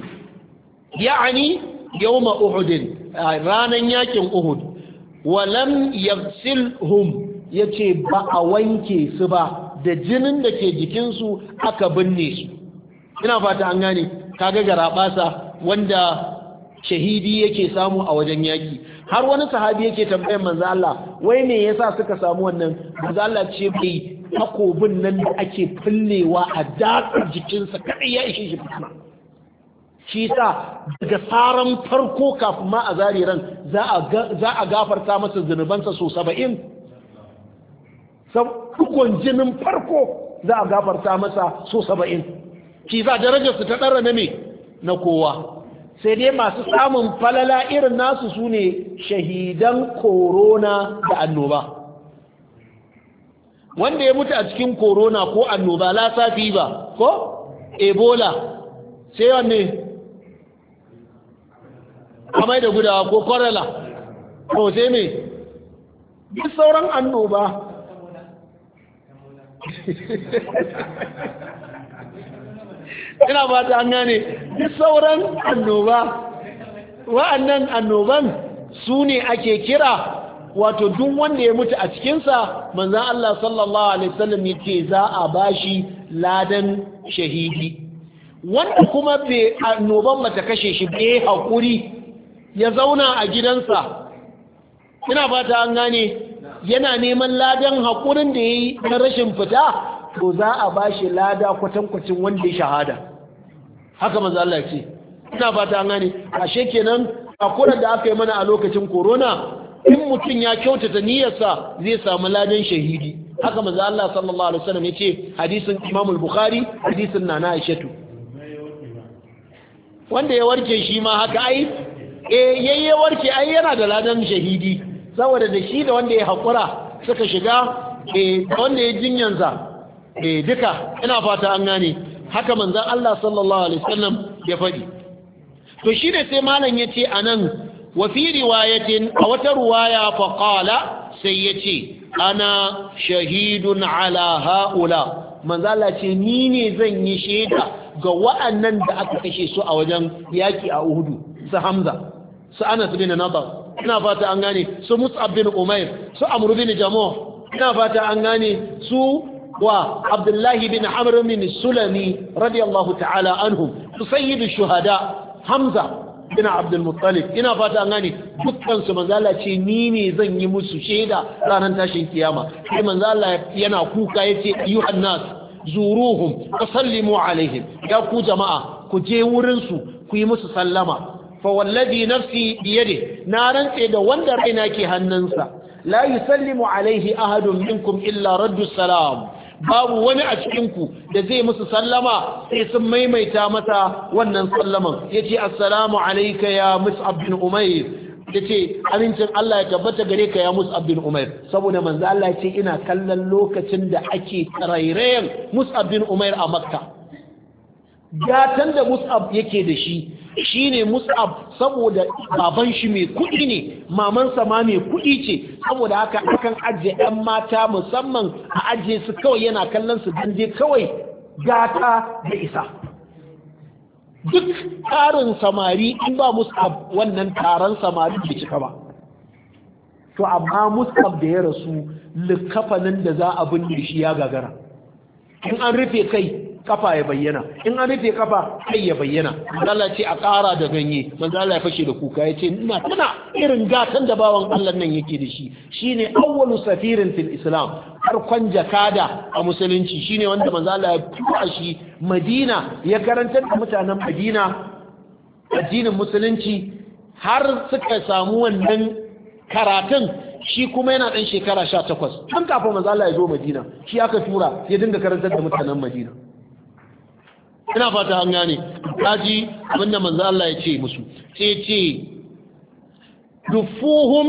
Speaker 1: ya'ani yawma uhudin ranar yakin uhud walam yafsilhum ya ce ba a wanke su ba da jinin da ke jikinsu aka binne su ina fata an gane kaga garaɓasa wanda shahidi yake samu a wajen yaki har wani sahabi yake tambayar manzo Allah wai me yasa suka samu wannan manzo Allah ce bai takobin nan da ake fillewa a dakar jikinsa kada ya ishe shi fitina shi sa daga tsaron farko kafin ma a ran za a gafarta masa zunubansa so saba'in ukun jinin farko za a gafarta masa so saba'in shi za darajarsu ta ɗara na me na kowa sai dai masu samun falala irin nasu su ne shahidan korona da annoba wanda ya mutu a cikin korona ko annoba lasafi ba ko ebola sai wanne amai da gudawa ko kwarala ko sai me duk sauran annoba ina ba ta an gane duk sauran annoba wa'annan annoban su ne ake kira wato duk wanda ya mutu a cikinsa manzan Allah sallallahu Alaihi wasallam yake za a bashi ladan shahidi wanda kuma be annoban mata kashe shi be haƙuri ya zauna a gidansa ina fata an gane yana neman ladan haƙurin da ya yi na rashin fita to za a ba shi lada kwatankwacin wanda ya shahada haka maza Allah ce ina fata an gane ashe kenan haƙurin da aka yi mana a lokacin korona, in mutum ya kyautata niyyarsa zai samu ladan shahidi haka maza Allah sallallahu alaihi wasallam yace hadisin Imam al-Bukhari hadisin Nana Ashatu. wanda ya warke shi ma haka ai eh yayye warke ai yana da ladan shahidi saboda da shi da wanda ya haƙura suka shiga e da wanda ya jinyansa e duka ina fata an gane haka manzon Allah sallallahu alaihi wasallam ya faɗi to shine sai malam yace anan wa fi riwayatin a wata ruwaya fa qala sai yace ana shahidun ala haula manzala ce ni ne zan yi shaida ga wa'annan da aka kashe su a wajen yaki a Uhudu su Hamza su anas bin nadar ina fata an gane su mus'ab bin umair su amr bin jamuh ina fata an gane su wa abdullahi bin amr bin sulami radiyallahu ta'ala anhum su sayyidu shuhada hamza ina abdul muttalib ina fata an gane dukkan su manzo Allah ce ni ne zan yi musu shaida ranar tashin kiyama sai manzo Allah yana kuka yace ayyuhan nas zuruhum sallimu alaihim ya ku jama'a ku je wurin su ku yi musu sallama fa wallazi nafsi biyade na rantse da wanda raina ke hannunsa la yusallimu alaihi ahadun minkum illa raddu salam babu wani a cikin ku da zai musu sallama sai sun maimaita masa wannan sallaman yace assalamu alayka ya mus'ab bin umayr yace amincin Allah ya tabbata gare ka ya mus'ab bin umayr saboda manzo Allah yace ina kallon lokacin da ake tarairayen mus'ab bin umayr a makka gatan da mus'ab yake da shi Shi ne mus'ab saboda baban shi mai kuɗi ne sa ma mai kuɗi ce saboda haka akan ajiye 'yan mata musamman a ajiye su kawai yana kallon su danje kawai gata da isa duk tarin samari in ba mus'ab wannan taron samari bai cika ba to amma mus'ab da ya rasu likafanin da za a binne shi ya gagara in an rufe kai kafa ya bayyana in an rufe kafa kai ya bayyana manzala ce a ƙara da ganye manzala ya fashe da kuka ya ce ina tana irin gatan da bawan Allah nan yake da shi shine awwalu safirin fil islam farkon jakada a musulunci shine wanda manzala ya fito shi Madina ya karantar da mutanen Madina addinin musulunci har suka samu wannan karatun shi kuma yana ɗan shekara sha takwas an kafin manzo ya zo Madina shi aka tura ya dinga karantar da mutanen Madina ina fata an gane kaji abinda manzo Allah ya ce musu sai ce dufuhum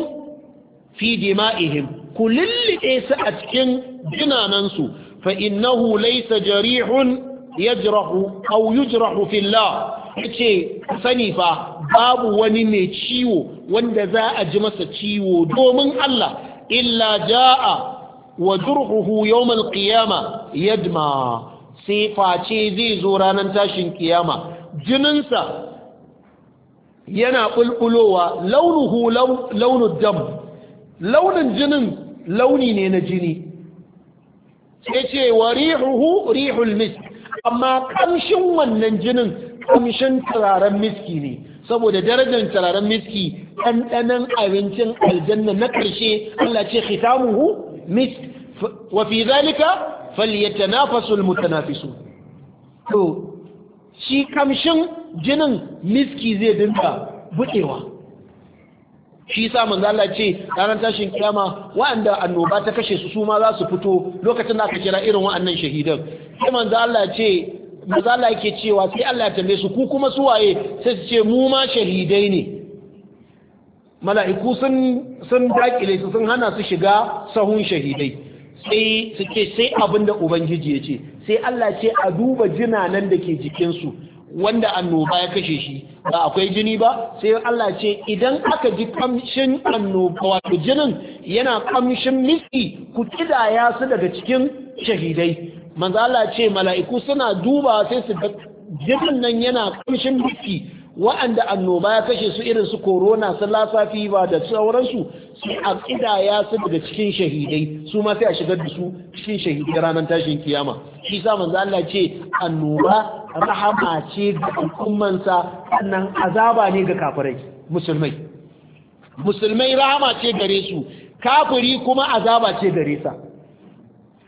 Speaker 1: fi dima'ihim ku su a cikin jinanansu fa innahu laysa jarihun yajrahu aw yujrahu fillah yace sani fa babu wani mai ciwo wanda za a ji masa ciwo domin Allah illa jaa wa jurhuhu yawm al-qiyamah yadma sai face zai zo ranar tashin kiyama jininsa yana bulbulowa launuhu launu dam launin jinin launi ne na jini sai ce wa rihuhu rihul misk amma kamshin wannan jinin kamshin tararen miski ne saboda darajar tararen miski ɗanɗanan abincin aljanna na ƙarshe Allah ce khitamuhu misk wa fi zalika falyatanafasul mutanafisu to shi kamshin jinin miski zai dinka buɗewa shi sa manzo ce ranar tashin kiyama waɗanda annoba ta kashe su su ma za su fito lokacin da aka kira irin waɗannan shahidan sai manzo Allah ce manzo yake cewa sai Allah ya tambaye su ku kuma su waye sai su ce mu ma shahidai ne mala'iku sun sun dakile su sun hana su shiga sahun shahidai sai su sai abin da ubangiji ya ce sai Allah ce a duba jina nan da ke jikinsu wanda annoba ya kashe shi ba akwai jini ba sai Allah ce idan aka ji kamshin annoba wato jinin yana kamshin miski ku kidaya su daga cikin shahidai Manzala ce mala'iku suna duba sai su jinin nan yana kamshin miski wa'anda annoba ya kashe su irin su korona su lasafi ba da sauransu su a kidaya su daga cikin shahidai su ma sai a shigar da su cikin shahidai ranar tashin kiyama shi sa manzo Allah ce annoba rahama ce ga hukumansa. sannan azaba ne ga kafirai musulmai musulmai rahama ce gare su kafiri kuma azaba ce gare sa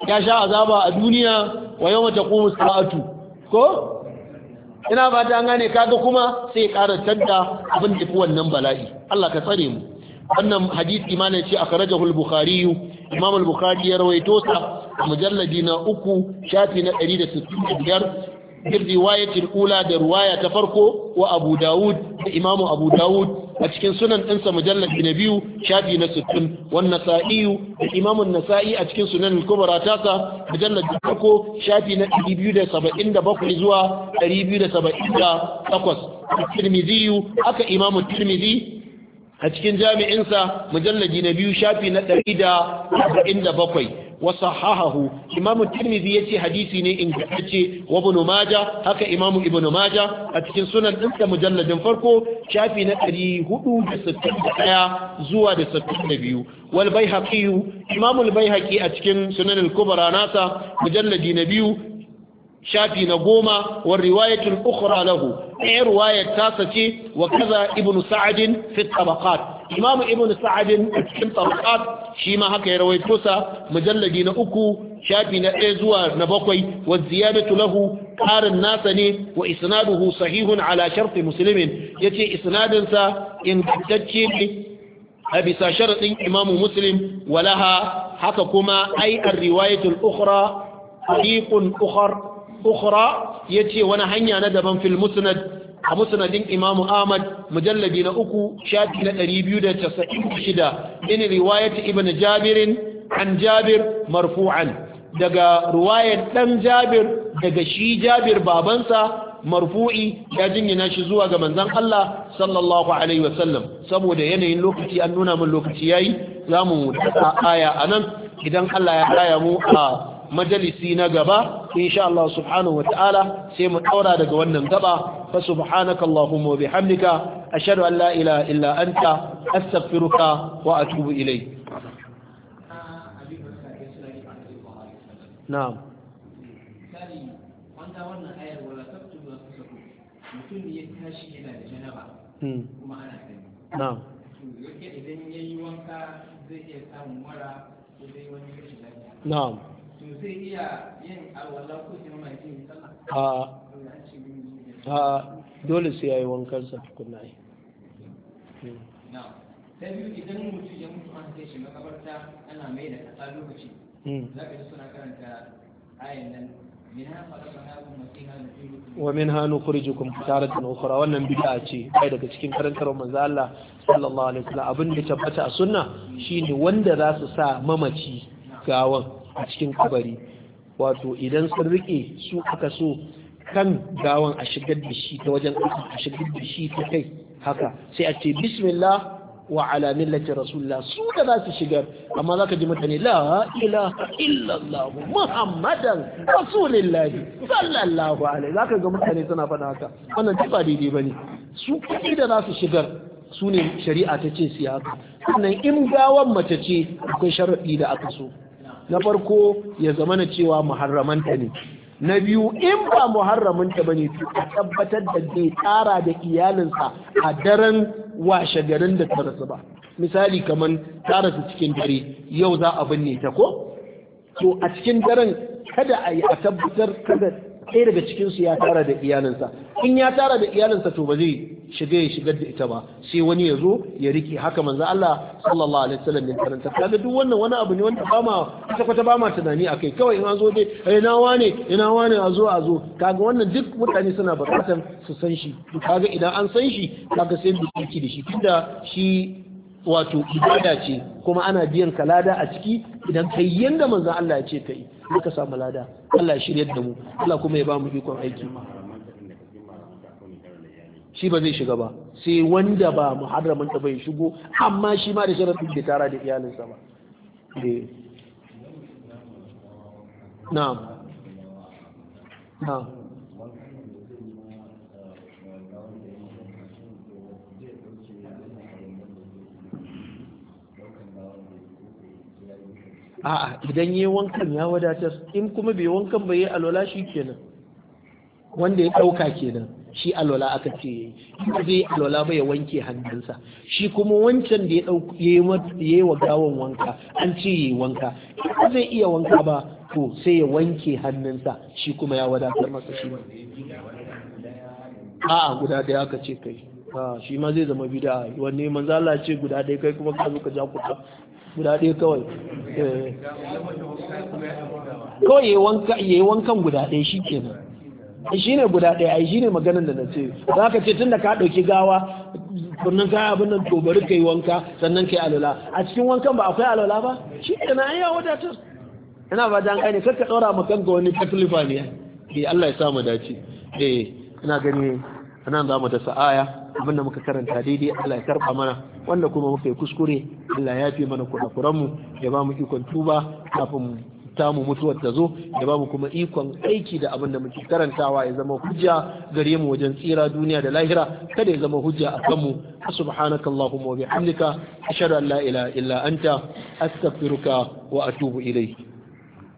Speaker 1: ya sha azaba a duniya wa yawma taqumu sa'atu ko ina ba ta gane kaga kuma sai kara canta abin da wannan bala'i Allah ka tsare mu wannan hadisi imanin ce akhrajahu al-bukhari imam al-bukhari ya rawaito sa mujalladi na uku shafi na 165 bil riwayatil ula da riwaya ta farko wa Abu Dawud da imam'u Abu Dawud a cikin sunan ɗinsa mujallad na biyu shafi na sittin, wa Nasa'i da Imam Nasa'i a cikin sunan al-Kubra tasa mujallad na farko shafi na ɗari biyu da da saba'in bakwai zuwa ɗari 278 Tirmidhi aka Imam Tirmidhi a cikin jami'insa mujalladi na biyu shafi na ɗari da da bakwai. wa sahahahu imamu tirmidhi yace hadisi ne ingantacce wa ibn majah haka imamu ibn majah a cikin sunan din da mujalladin farko shafi na 461 zuwa da 62 wal baihaqi imamu al baihaqi a cikin sunan al kubra nasa mujalladi na biyu shafi na goma wa riwayatul ukhra lahu ɗaya riwayar ta sace wa kaza ibn sa'adin fi tabaqat imamu ibn sa'adin fi tabaqat shi ma haka ya rawaito sa mujalladi na uku shafi na ɗaya zuwa na bakwai wa ziyadatu lahu ƙarin nasa ne wa isnaduhu sahihun ala sharti muslimin yace isnadin sa ingantacce ne a bisa sharadin imamu muslim walaha haka kuma ai ar-riwayatul ukhra طريق أخر ukhra yace wani hanya na daban fil musnad a musnadin Imam ahmad mujallabi na uku shafi na ɗari biyu da casa'in shida in riwayat ibn jabirin an jabir marfu'an daga riwayar ɗan jabir daga shi jabir babansa marfu'i ya jingina shi zuwa ga manzon Allah sallallahu alaihi wasallam saboda yanayin lokaci an nuna min lokaci yayi za mu aya anan idan Allah ya raya mu a majalisi na gaba insha Allah subhanahu ta'ala sai mu daura daga wannan gaba fa subhanaka allahumma wa bihamdika ashhadu an la ilaha illa anta astaghfiruka wa atubu ilayk na'am mutum ya tashi yana da janaba kuma ana gani idan wanka zai iya samun ko dai wani rashin lafiya na'am iya dole sai yayi wankan sa tukunna yi hmm. na biyu idan mutum ya mutu an kai shi makabarta ana mai da kasa lokaci hmm. za ka ji suna karanta ayin nan wa min hannu wannan bid'a ce kai daga cikin karantar manzo Allah sallallahu alaihi wasallam abin da tabbata a sunna shine wanda za su sa mamaci gawan a cikin kabari wato idan sun rike su aka so kan gawan a shigar da shi ta wajen a shigar da shi ta kai haka sai a ce bismillah wa ala millati rasulullah su da za su shigar amma za ka ji mutane la ilaha illallah muhammadan rasulullah sallallahu alaihi ka ga mutane suna faɗa haka wannan duk ba daidai bane su kudi da za su shigar su ne shari'a ta ce su haka sannan in gawan mace ce akwai sharaɗi da aka so na farko ya zama na cewa muharramanta ne na biyu in ba muharramanta ba ne a tabbatar da zai tsara da iyalinsa a daren washe garin da ta rasu ba misali kamar ta rasu cikin dare yau za a binne ta ko to a cikin daren kada a yi a tabbatar kada ɗaya daga cikinsu ya tara da iyalinsa in ya tara da iyalinsa to ba zai shiga ya shigar da ita ba sai wani ya zo ya rike haka manzo Allah sallallahu alaihi wasallam ya karanta kaga duk wannan wani abu ne wanda ba ma kwata kwata ba ma tunani akai kawai in an zo dai eh, ina wane ina wane a zo a zo kaga wannan duk mutane suna bukatar su san shi kaga idan an san shi kaga sai da yake da shi tunda shi wato ibada ce kuma ana biyan kalada a ciki idan kai yanda manzo Allah ya ce kai muka samu lada Allah ya shirya da mu Allah kuma ya ba mu ikon aiki shi ba zai shiga ba sai wanda ba muharramin ta bai shigo amma shi ma da sharafin da tara da iyalinsa ba eh. na'am na'am a'a idan yi wankan ya wadatar in kuma bai wankan bai yi alola shi kenan wanda ya ɗauka kenan shi alola aka ce yi kuma zai alola ba ya wanke hannunsa shi kuma wancan da ya yi wa gawan wanka an ce yi wanka ba zai iya wanka ba to sai ya wanke hannunsa shi kuma ya wadatar masa shi a'a guda ɗaya aka ce kai ah, shi ma zai zama bida wanne manzala ce guda ɗaya kai kuma ka zo ka ja kuka guda ɗaya kawai eh. kawai ya yi wankan guda ɗaya shi nan shi ne guda ɗaya ai shi ne maganin da na ce za ka ce tun da ka ɗauki gawa kunnan ka abin nan to bari ka yi wanka sannan ka yi alwala a cikin wankan ba akwai alwala ba shi ke nan ya wadatar ina ba dan ne kakka ɗora ma kanka wani taklifa ne eh Allah ya sa mu dace eh ina gani anan za mu dasa aya abinda muka karanta daidai Allah ya karba mana wanda kuma muka yi kuskure Allah ya fi mana kurakuran mu ya ba mu ikon tuba kafin tamu mutuwar ta zo ya ba mu kuma ikon aiki da abin da muke karantawa ya zama hujja gare mu wajen tsira duniya da lahira kada ya zama hujja a kanmu subhanaka allahumma wa bihamdika ashhadu an la ilaha illa anta astaghfiruka wa atubu ilayk